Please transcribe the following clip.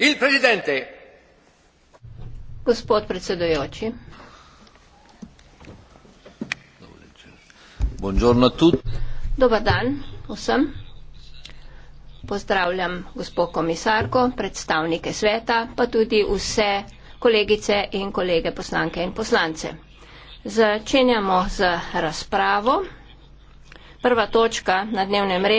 Il presidente. Gospod predsedujoči. Buongiorno tut. Dobar dan vsem. Pozdravljam gospod komisarko, predstavnike sveta, pa tudi vse kolegice in kolege poslanke in poslance. Začenjamo z razpravo. Prva točka na dnevnem redu.